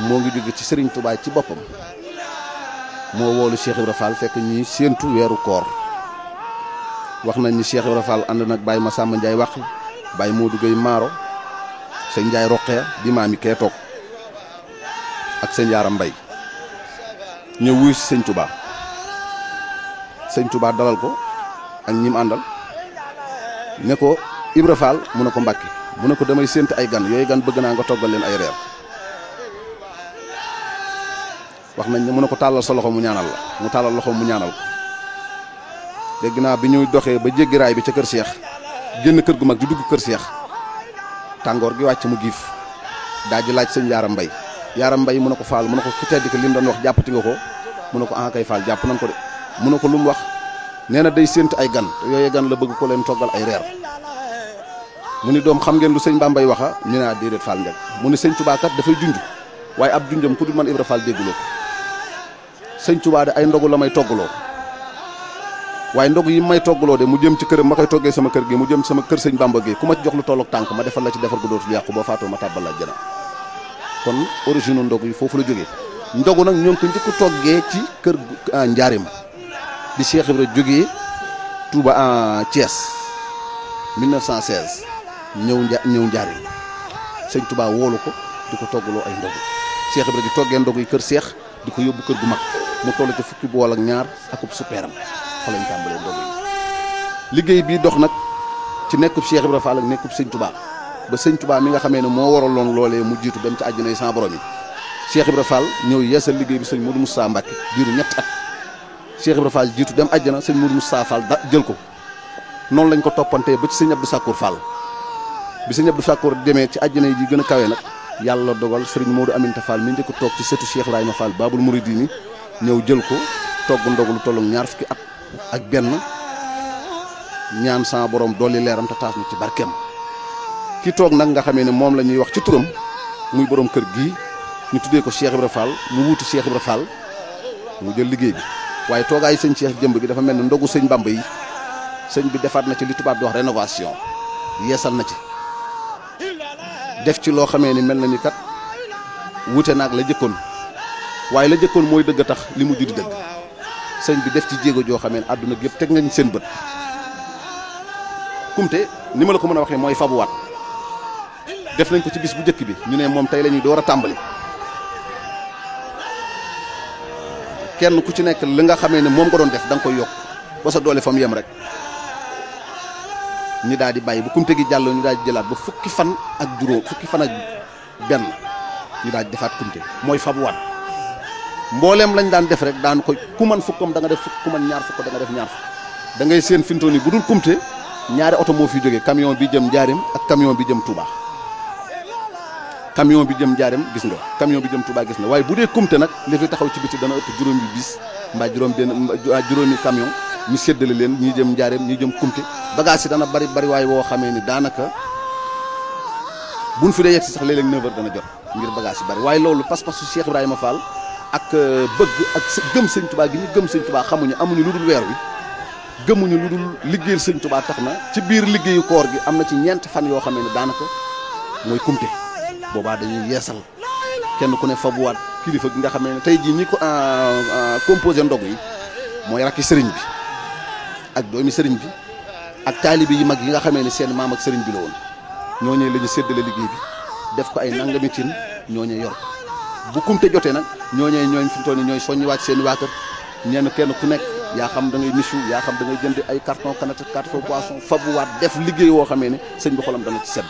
mo ngi jóge ci serigne touba ci bopam mo wolu cheikh ibrahim fall fekk ñi sentu wéru koor wax nañ ni cheikh ibrahim fall and nak baye massa sàmm wax baye modou gey maro sëñ ndjay roqee di mami kee tok ak sëñ yaram bay ñëw wuy si sëñ tubaa sëñ dalal ko ak ñim andal ne ko ibra fall mu ne ko mbàkke mu ne ko damay ay gan yoy gan bëgg na nga togal len ay rêve wax nañ ne mu ne ko tàllal sa loxo mu ñaanal la mu tàllal loxo mu ñaanal ko dégg naa bi ñuy doxee ba jéggi raay bi ca kër seex génn kër gu mag di dugg kër seex tàngoor gi wàcc mu giif daal di laaj sëñ yaaram mbay yaaram mbay mu ne ko faal mu ne ko ku tedd lim doon wax jàppati nga ko mu ne ko ah kay faal jàpp nan ko de mu ne ko lu mu wax nee na day sént ay gan te yooyee gan la bëgg ko leen toggal ay reer mu ni doom xam ngeen lu sëñ bambay waxa ñu ah, faal njag mu ni sëñ dafay junj waaye ab junjam ku dul man ibra faal dégguloo sëñ Tuubaa de ay ndogu la may toggaloo waaye ndogu yi may toggaloo de mu jëm ci kër ma koy toggee sama kër gi mu jëm sama kër sëñ Bàmba gi ku ma ci jox lu tollook tànk ma defal la ci defar gu dootul yàqu boo faatoo ma tàbbal la jëna kon origine u ndogu yi foofu la jógee ndogu nag ñoo ngi ko njëkk toggee ci kër ah, njaarim di Cheikh Ibra jógee Touba en ah, Thiès 1916 ñëw ñëw njaarim sëñ Touba woolu ko di ko toggaloo ay ndogu Cheikh Ibra di toggee ndogu yi kër Cheikh di ko yóbbu kër gu mag mu toll ci fukki bool ak ñaar akub suppeeram fa lañ tàmbalee doog liggéey bii dox nag ci nekkub Cheikh Ibra Fall ak nekkub Sëñ Touba ba Sëñ Touba mi nga xamee ne moo waraloon loolee mu jiitu dem ci àjjana yi sans borom yi Cheikh Ibra Fall ñëw yeesal liggéey bi sëñ Modou Moussa Mbacke diiru ñett at Cheikh Ibra faal jiitu dem àjjana sëñ mu Moussa Fall da jël ko noon lañ ko toppantee ba ci sëñ Abdou Sakkour Fall bi sëñ Abdou Sakkour demee ci àjjana yi gën a kawe nag yàlla dogal sëriñ Modou Aminta Fall mi njëkk toog ci setu Cheikh Ibrahima Fall Babul Mouridini ñëw jël ko togg ndogu lu ñaar fukki at ak benn ñaan sama borom dolli leeram te taas ci barkeem ki toog nag nga xamee ne moom la ñuy wax ci turam muy borom kër gi ñu tuddee ko Cheikh Ibra mu wuutu Cheikh Ibra mu jël liggéey bi waaye toogaayu sëñ Cheikh jëmb bi dafa mel ni ndogu sëñ Bamba yi sëñ bi defaat na ci li tubaab di wax rénovation yeesal na ci def ci loo xamee ni mel na ni kat wuute nag la jëkkoon. waaye la jëkkoon mooy dëgg a tax li mu judi dëgg sëñ bi def ci jéego joo xamee ne àdduna gépp yëpp teg ñu seen bët kumte ni ma la ko mën a waxee mooy fabuwaat def nañ ko ci bis bu njëkk bi ñu ne moom tey lañuy ñuy door a tàmbali kenn ku ci nekk li nga xamee ne moom nga doon def da koy yokk ba sa doole fa yem rek ñu daal di bàyyi bu kumte gi jàll ñu daal di jëlaat ba fukki fan ak juróom fukki fan ak benn ñu daal defaat kumte mooy fabuwaat mbooleem lañ daan def rek daan ko ku man fukkam da def fukk ku ñaar fukk da nga def ñaar fukk da ngay seen fintoon bu dul kumte ñaari oto moo fi jógee camion bi jëm Njaareem ak camion bi jëm Touba camion bi jëm Njaareem gis nga camion bi jëm Touba gis nga waaye bu dee kumte nag li fi taxaw ci biti dana ëpp juróomi bis mbaa juróom benn ah, juróomi camion ñu séddale leen ñi jëm Njaareem ñi jëm kumte bagage yi dana bari bari waaye woo xamee ni daanaka buñ fi dee dana jot ngir bagage yi bari waaye loolu pas-pasu Cheikh Ibrahima Fall ak euh, bëgg ak gëm sëñ tubaa gi ñu gëm sëñ tubaa xamuñu amuñu lu dul weer wi gëmuñu lu dul liggéeyal sëñ tubaa tax ma ci biir liggéeyu koor gi am na ci ñeenti fan yoo xamee ne daanaka mooy kumte boobaa dañuy yeesal kenn ku ne fabuwaat kilifa gi nga xamee ne tey jii ñi ko composé ndog yi mooy rakki sëriñ bi ak doomi sëriñ bi ak taalibe yi mag yi nga xamee ne seen maam ak sëriñ bi la woon ñooñee la ñu séddale liggéey bi def ko ay nangami cin ñooñee yor bu kumte jotee nag ñooñee ñooñ fi mu ñoy soñu wacc seen waakër ñen kenn ku nekk ya xam da ngay misu ya xam da ngay jënd ay carton kanat carton poisson wat def liggéey wo xamé ni sëñ bi xolam na ci sedd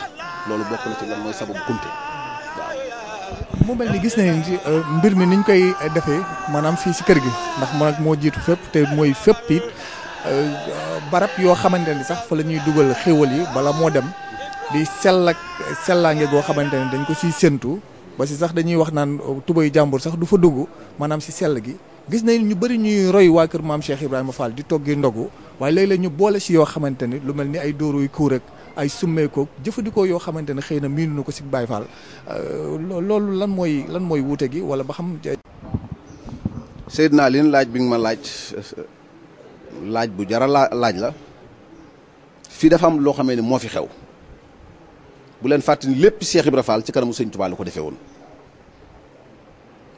loolu bokku na ci lan moy sababu kumte waaw mu mel gis na ci euh, mbir mi niñ koy euh, defee manam fi ci kër gi ndax mo nak mo jitu té moy it euh, barap yo xamanteni sax fa lañuy duggal dugal yi bala mo dem di sel ak la nge go xamanteni dañ ko ci sentu ba si sax dañuy wax naan euh, tubéyu jàmbur sax du fa dugg maanaam si sell gi gis nañ ñu bëri ñuy roy waa kër maam Cheikh Ibrahima faal di toggi ndogu waaye léeg-léeg ñu boole si yoo xamante ni lu mel ni ay dóoruy ku rek ay summeekoog jëfandikoo yoo xamante ne xëy na miinu na ko si Baye Fall euh, loolu lan mooy lan mooy wuute gi wala ba xam. naa Aline laaj bi nga ma laaj laaj bu jara laaj la fii dafa am loo xamee ni moo fi xew. bu leen fàttali lépp Cheikh Ibra Fall ci kanamu sëñ Touba la ko defee woon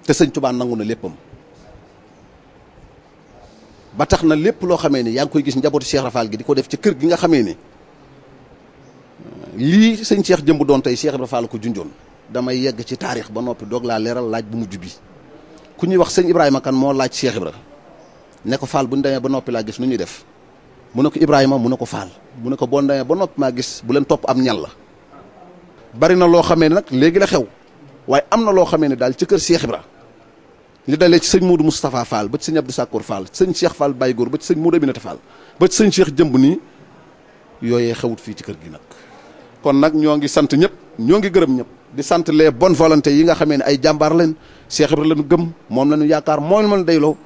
te sëñ Touba nangu na léppam ba tax na lépp loo xamee ni yaa ngi koy gis njabootu Cheikh Ibra Fall gi di ko def ci kër gi nga xamee ni lii sëñ Cheikh jëmb doon tey Cheikh Ibra Fall ko junjoon damay yegg ci ba laaj bu bi ku ñuy wax kan laaj Cheikh ne ko Fall ba gis nu ñuy def mu ne ko Ibrahima mu ne ko Fall mu ne ko boo demee ba gis bu am ñal la bari na loo xamee ne nag léegi la xew waaye am na loo xamee ne daal ci kër Cheikh Ibra li dalee ci sëñ Modou Moustapha Fall ba ci sëñ Abdou Sakkour Fall sëñ Cheikh Fall Baye Góor ba ci sëñ Modou Aminata Fall ba ci sëñ Cheikh jëmb nii yooyee xewut fii ci kër gi nag. kon nag ñoo ngi sant ñëpp ñoo ngi gërëm ñëpp di sant les bon volontés yi nga xamee ne ay jàmbaar leen Cheikh Ibra lañu gëm moom lañu yaakaar moom lañu dayloo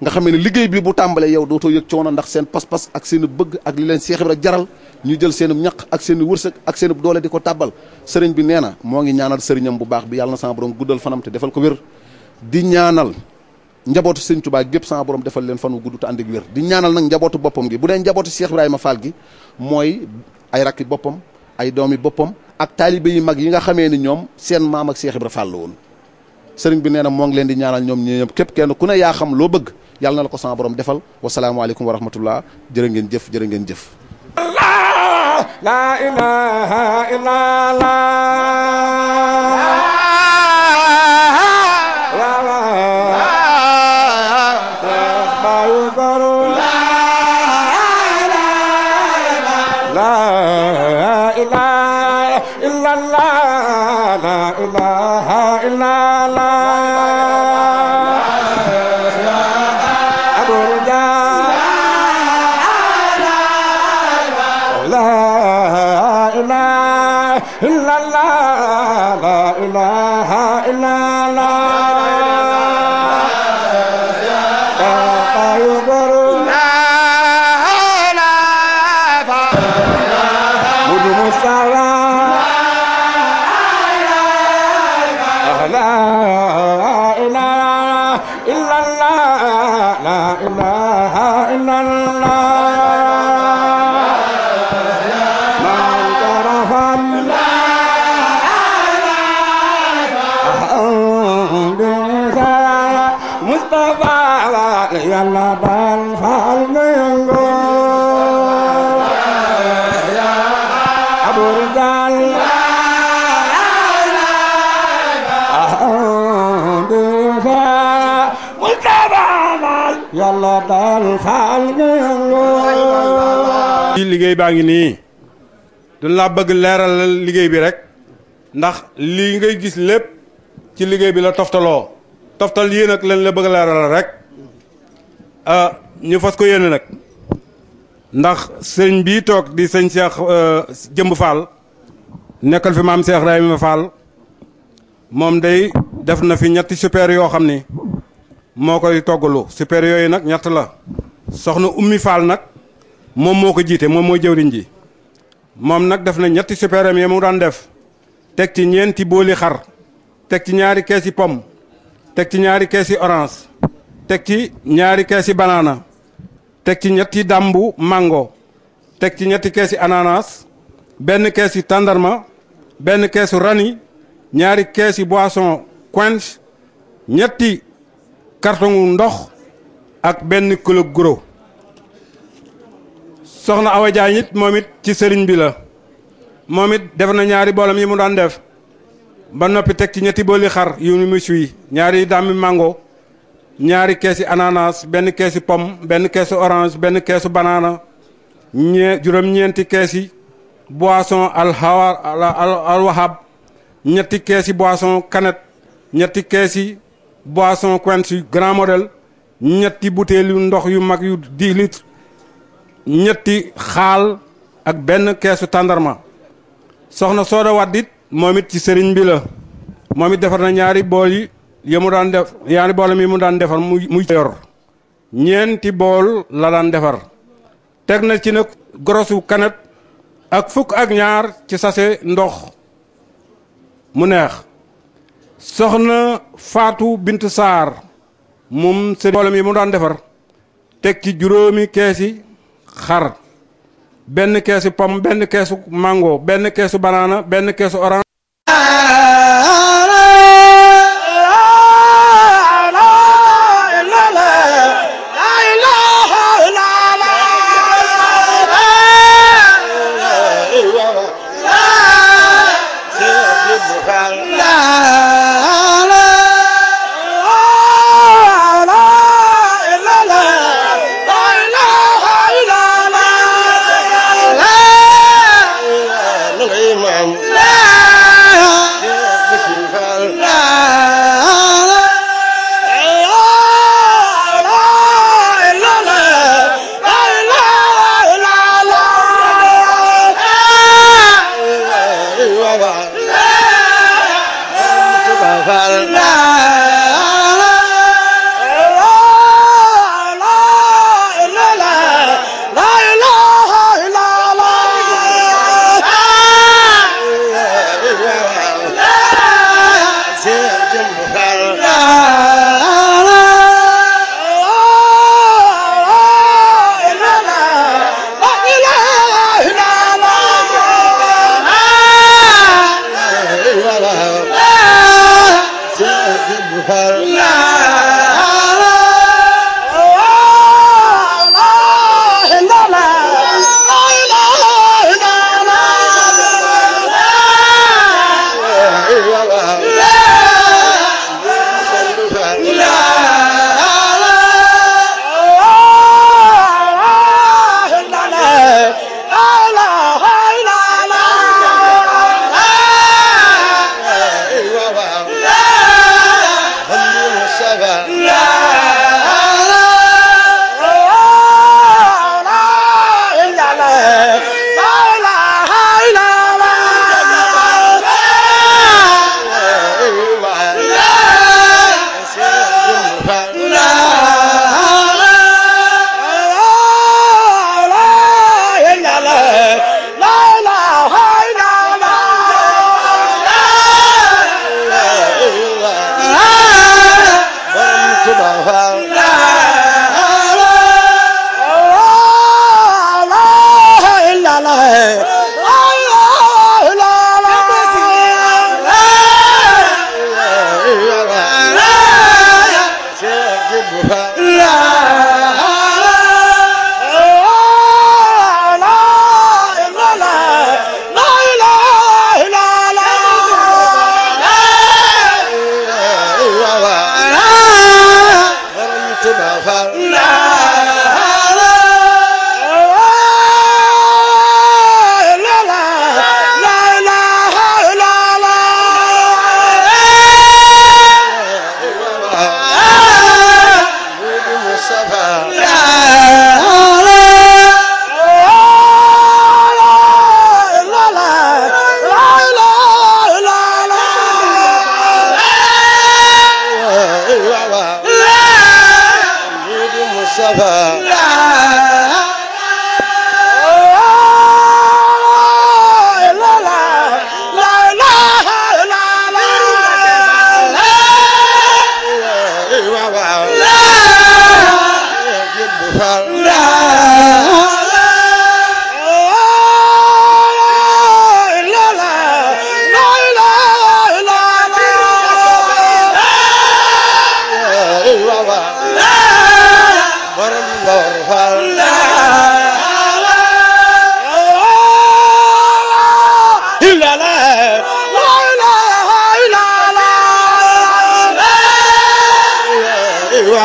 nga xamé ni liggéey bi bu tambalé yow doto yek coono ndax sen pas-pas ak sen bëgg ak li leen Cheikh Ibra jaral ñu jël sen ñaq ak sen wërsëg ak sen doole di tabal sëriñ bi néna mo ngi ñaanal sëriñam bu baax bi yalla sama borom guddal fanam te defal ko wër di ñaanal njabootu sëriñ Tuubaa gépp sama borom defal leen fanu guddu gudd te ànd ak wér di ñaanal nak njabootu bopam gi bu dee njabootu Cheikh Ibrahima Fall gi moy ay rakki bopam ay doomi bopam ak taalibe yi mag yi nga xamé ni ñom sen maam ak Cheikh Ibra Fall won sëriñ bi nee mo ngi leen di ñaanal ñom ñëpp kep kenn ku ne ya xam lo bëgg yàlla na la ko sama borom defal wasalaamaaleykum wa rahmatullah jërë ngeen jëf jërë ngeen jëf la ilaha illallah Yàlla baal faal ci liggéey baa ngi nii duñ laa bëgg leeral liggéey bi rek ndax lii ngay gis lépp ci liggéey bi la toftaloo toftal yii nag leen la bëgg leeral rek ah ñu fas ko yéene nag ndax sëñ bii toog di sëñ Cheikh euh, Jëmb Fall nekkal fi maam Cheikh Ibrahima Fall moom day def na fi ñetti super yoo xam ni moo koy toggalu super yooyu nag ñett la soxna Ummi Fall nag moom moo ko jiite moom mooy jëwriñ ji moom nag def na ñetti superam yi mu daan def teg ci ñeenti booli xar teg ci ñaari keesi pomme teg ci ñaari keesi orange teg ci ñaari keesi banaana teg ci ñetti dàmbu mango teg ci ñetti keesi ananas benn keesi tàndarma benn keesu rani ñaari keesi boisson quench ñetti kartongu ndox ak benn kilo guro soxna Awa Diagne it moom it ci sëriñ bila la moom it def na ñaari boolam yi mu daan def ba noppi teg ci ñetti booli xar yu mu mis yi ñaari dàmbi mango Nyari kesi ananas ben kesi pom, ben kesi orange ben kesi banana ñe juróom-ñeenti kesi boisson al hawa al wahab ñetti kesi boisson canette ñetti kesi boisson quench grand model ñetti bouteille yu ndox yu mag yu 10 litres ñetti xaal ak benn kesi tandarma soxna sooda wadit, momit it ci momit bi la defar na ñaari bool ya mu daan def yaani boolam yi mu daan defar mu muy yor ñeenti bool la daan defar teg na ci nag gorosu kanet ak fukk ak ñaar ci sase ndox mu neex soxna faatu bint saar moom seen boolam yi mu daan defar teg ci juróomi keesi xar benn keesu pomme benn keesu màngo benn keesu banaana benn keesu orange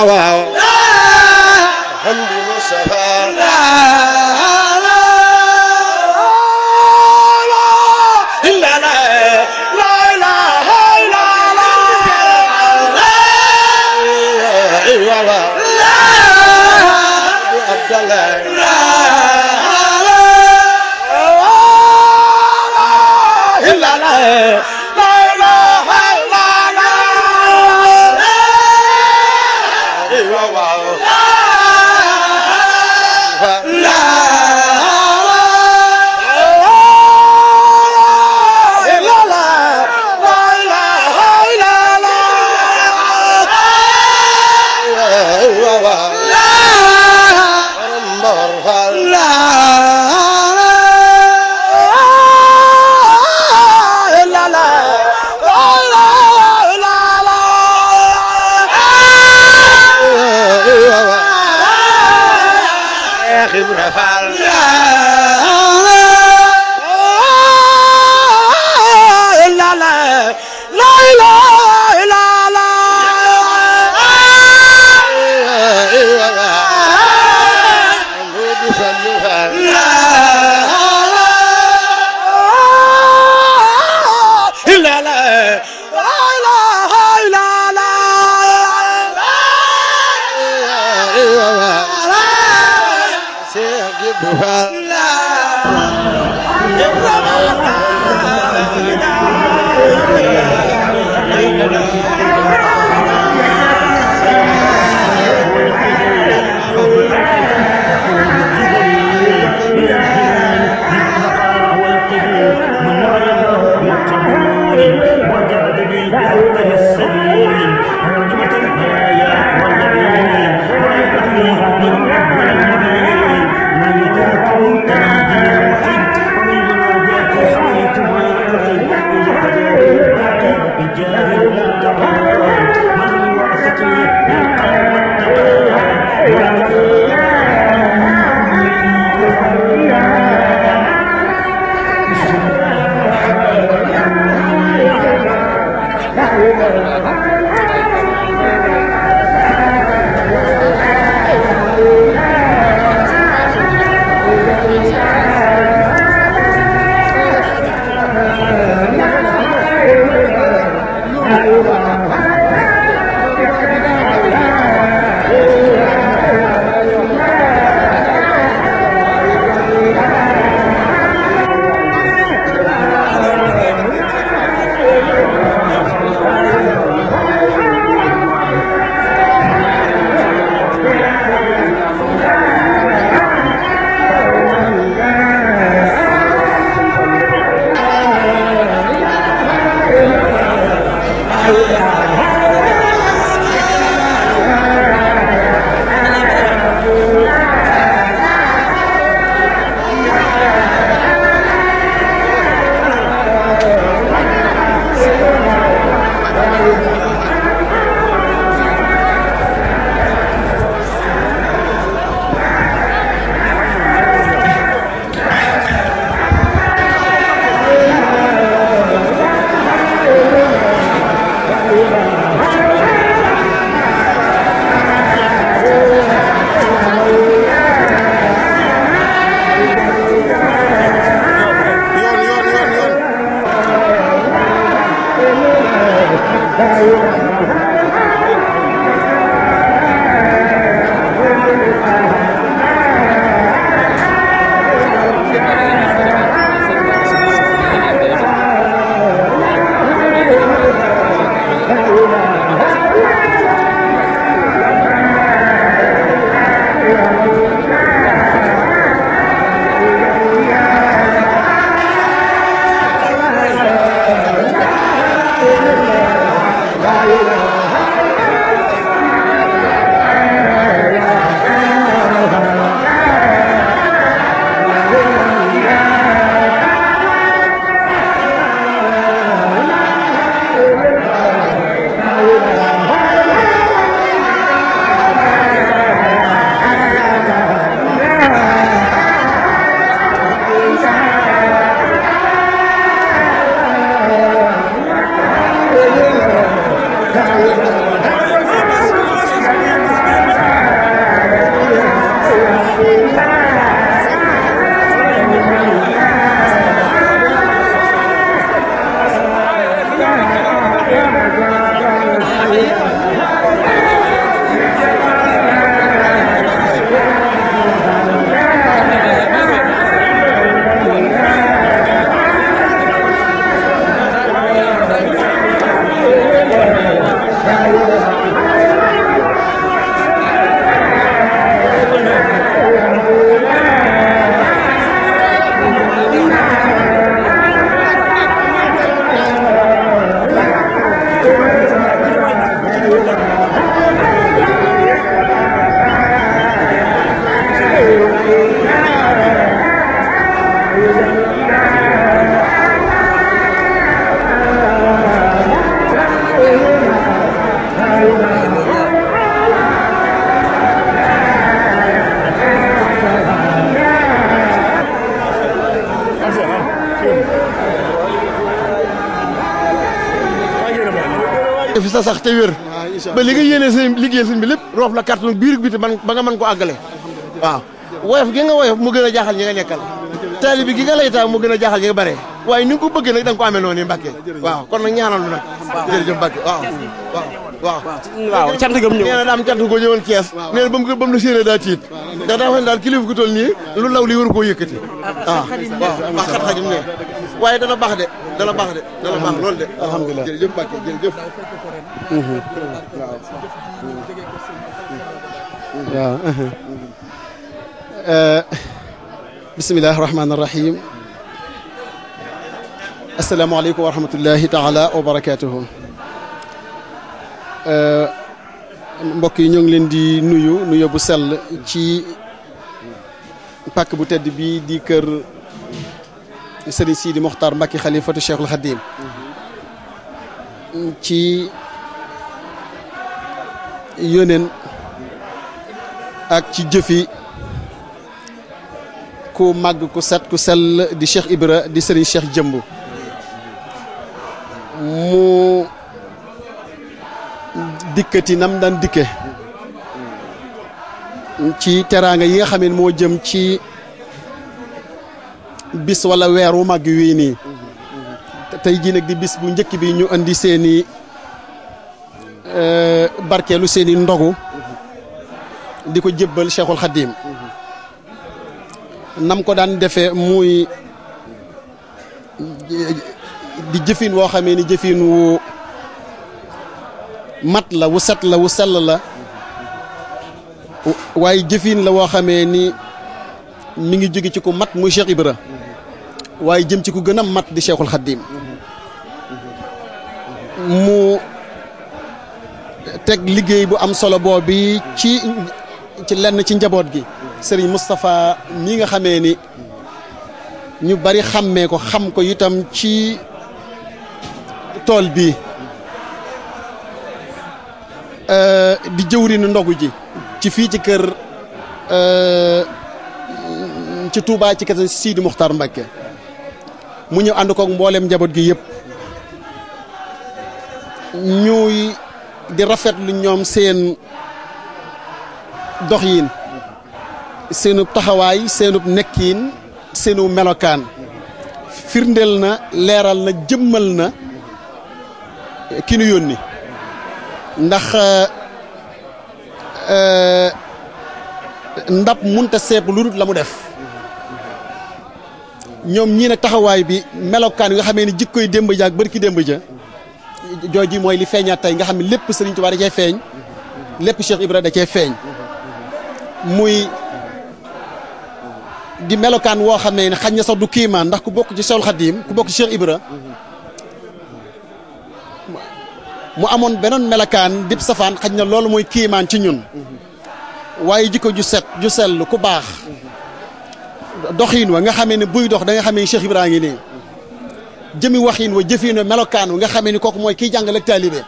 wow, wow, Wow. Thank you. Thank you. fisa sax te wér ba li nga yéene seen liggéey seen bi lépp roof la carton biir bi te ba nga mën ko àggale waaw woyof gi nga woyof mu ñi nga nekkal taalibe gi nga lay taal moo gën a jaaxal gi nga bare waaye ni nga ko bëggee nag da ko amee noonu yi Mbàkke waaw kon nag ñaanal lu nag jërëjëf Mbàkke waaw waaw waaw waaw cant gam ñëw nee na daam ko ñëwoon Thiès nee na ba mu séenee daa tiit ndax daa fan daal kilifa gu toll nii lu law li war koo yëkkati waaw ah. waaw ah, xat waaye dana baax de dana baax de dana baax loolu de alhamdulilah jërëjëf Mbàkke jërëjëf mhm. waaw mhm. Mhm. Eh. Eh. بسم الله الرحمن الرحيم السلام عليكم ورحمة الله تعالى وبركاته مبكي نيون لندي نيو نيو بسل تي باك بوتد بي دي كر سيدي سيدي مختار مكي خليفة الشيخ الخديم تي يونين اك تي جيفي ku màgg ku set ku sell di Cheikh Ibra di Serigne Cheikh Jëmb mu dikkati nam daan dikke ci teraanga yi nga xam moo jëm ci bis wala weeru wu màgg wii nii tey jii nag di bis bu njëkk bi ñu indi seeni euh, barkeelu seeni ndogu di ko jébbal Cheikhul Khadim nam ko daan defee muy di jëfin woo xamee ni jëfin wu mat la wu set la wu sell la waaye jëfin la woo xamee ni mu ngi jóge ci ku mat muy Cheikh Ibra waaye jëm ci ku gën a mat di Cheikhul Khadim mu teg liggéey bu am solo boobu ci ci lenn ci njaboot gi sëriñ Moustapha mi nga xamee ni ñu bari xàmmee ko xam ko itam ci tool bi euh, di jëwriñu ndogu ji ci fii ci kër euh, ci Touba ci kese Sidi Muxtaar Mbakke mu ñëw ànd koog mbooleem njaboot gi yëpp ñuy di rafetlu ñoom seen doxin seenub taxawaay seenub nekkiin seenu melokaan firndeel na leeral na jëmmal na ki nu yónni ndax euh, euh, ndab munta seeb lu dul la mu def ñoom ñii nag taxawaay bi melokaan yi nga xamee ni jikkoy démb ja ak bërki démb ja jooji mooy li feeñaat tey nga xam ne lépp Sëriñ Tuubaa da cee feeñ lépp Cheikh Ibra da cee feeñ muy di melokaan woo xam ne xañ na sax du kiimaan ndax ku bokk ci Seexul Xadiim ku bokk ci Cheikh Ibra mu amoon beneen melokaan dib safaan xañ na loolu mooy kiimaan ci ñun waaye jikko ju set ju sell ku baax doxiin wa nga xamee ne buy dox da nga xamee ni Cheikh Ibra ngi nii jëmi waxiin wa jëfiin wa melokaan wa nga xamee ni kooku mooy kiy jàngale ak taalibe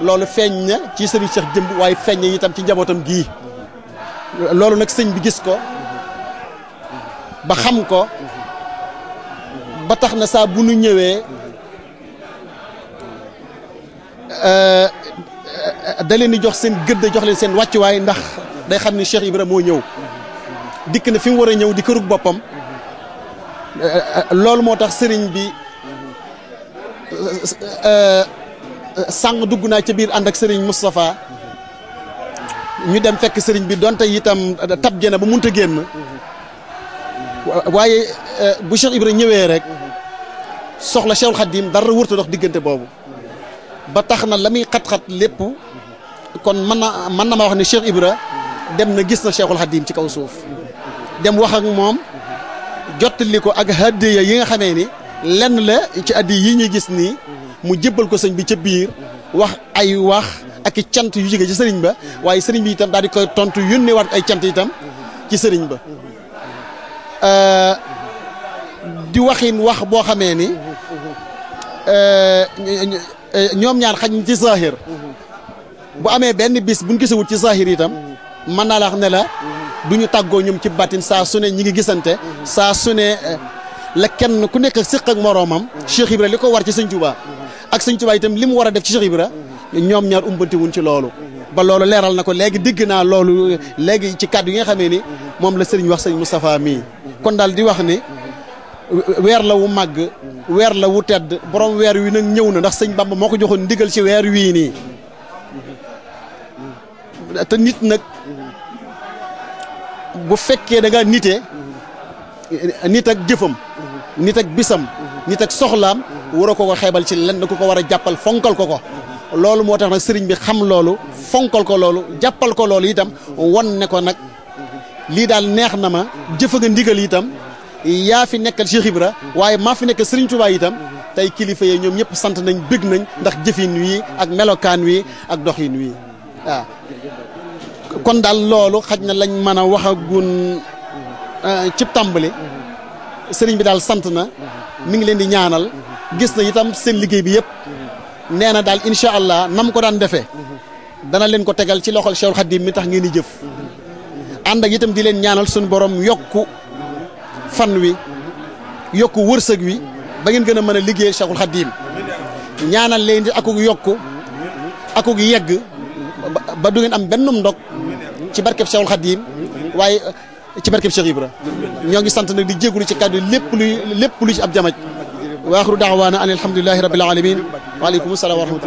loolu feeñ na ci sëriñ Cheikh jëmb waaye feeñ na itam ci njabootam gii loolu nag sëñ bi gis ko ba xam ko ba tax na saa bu nu ñëwee euh, da leen di jox seen gëdd jox leen seen wàccuwaay ndax day xam ni Cheikh Ibrahima moo ñëw dikk na fi mu war a ñëw di kërug boppam euh, loolu moo tax sëriñ bi euh, sàng dugg naa ca biir ànd ak sëriñ Moustapha ñu dem fekk sëriñ bi donte itam tab jëna ba mun munta génn waaye eh, bu Cheikh Ibra ñëwee rek soxla Cheikhul Khadim dara wërta dox diggante boobu ba tax na la muy xat-xat lépp kon mën na mën na ma wax ne Cheikh Ibra dem na gis na Cheikhul Khadim ci kaw suuf dem wax ak moom jottali ko ak hadiya yi nga xamee ni lenn la ci addi yi ñuy gis nii mu jébbal ko sëñ bi ca biir wax ay wax ak cant yu jóge ci sëriñ ba waaye sëriñ bi itam daal di koy tontu yónnee waat ay cant itam ci sëriñ ba euh, di waxin wax boo xamee ni euh, ñoom ñaar xañ ci saahir bu amee benn bis buñ gisewut ci saahir itam mën naa la wax ne la du ñu tàggoo ñoom ci batin saa sune ne ñi ngi gisante saa su ne la kenn ku nekk siq ak moroomam Cheikh Ibra li ko war ci Sëñ Tuubaa ak Sëñ Tuubaa itam li mu war a def ci Cheikh Ibra ñoom ñaar umbanti ci loolu ba loolu leeral na ko léegi digg naa loolu léegi ci kàddu yi nga xamee ni moom la sëriñ wax sëriñ Moustapha mii kon daal di wax ni weer la wu màgg weer la wu tedd boroom weer wi nag ñëw na ndax sëñ Bamba moo ko joxoon ndigal ci weer wii nii te nit nag bu fekkee da nga nite nit ak jëfam nit ak bisam nit ak soxlaam waroo ko ko xeebal ci lenn ko ko war a jàppal fonkal ko ko loolu moo tax nag sëriñ bi xam loolu fonkal ko loolu jàppal ko loolu itam won ne ko nag lii daal neex na ma jëfa nga ndigal itam yaa fi nekkal Cheikh Ibra waaye maa fi nekkal sëriñ Tuubaa itam tey kilifa yi ñoom ñëpp sant nañ bëgg nañ ndax jëfin wi ak melokaan wi ak doxin wi waaw kon daal loolu xaj na lañ mën a waxagun euh, ci tàmbali sëriñ bi daal sant na mi ngi leen di ñaanal gis na itam seen liggéey bi yépp nee na daal incha allah nam ko daan defe dana leen ko tegal ci loxol Cheikhul Khadim mi tax ngeen di jëf ànd ak itam di leen ñaanal suñu borom yokku fan wi yokku wërsëg wi ba ngeen gën a mën a liggéeyal Cheikhul Khadim ñaanal leen di akug yokku akug yegg ba du ngeen am benn ndog ci barkeb Cheikhul Khadim waaye ci barkeb Cheikh Ibra ñoo ngi sant nag di jégalu ci kàddu lépp luy lépp lu ci ab jamaj واخر دعوانا ان الحمد لله رب العالمين وعليكم السلام ورحمه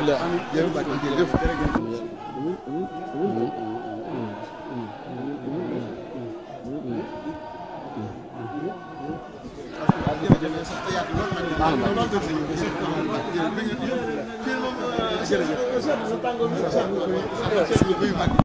الله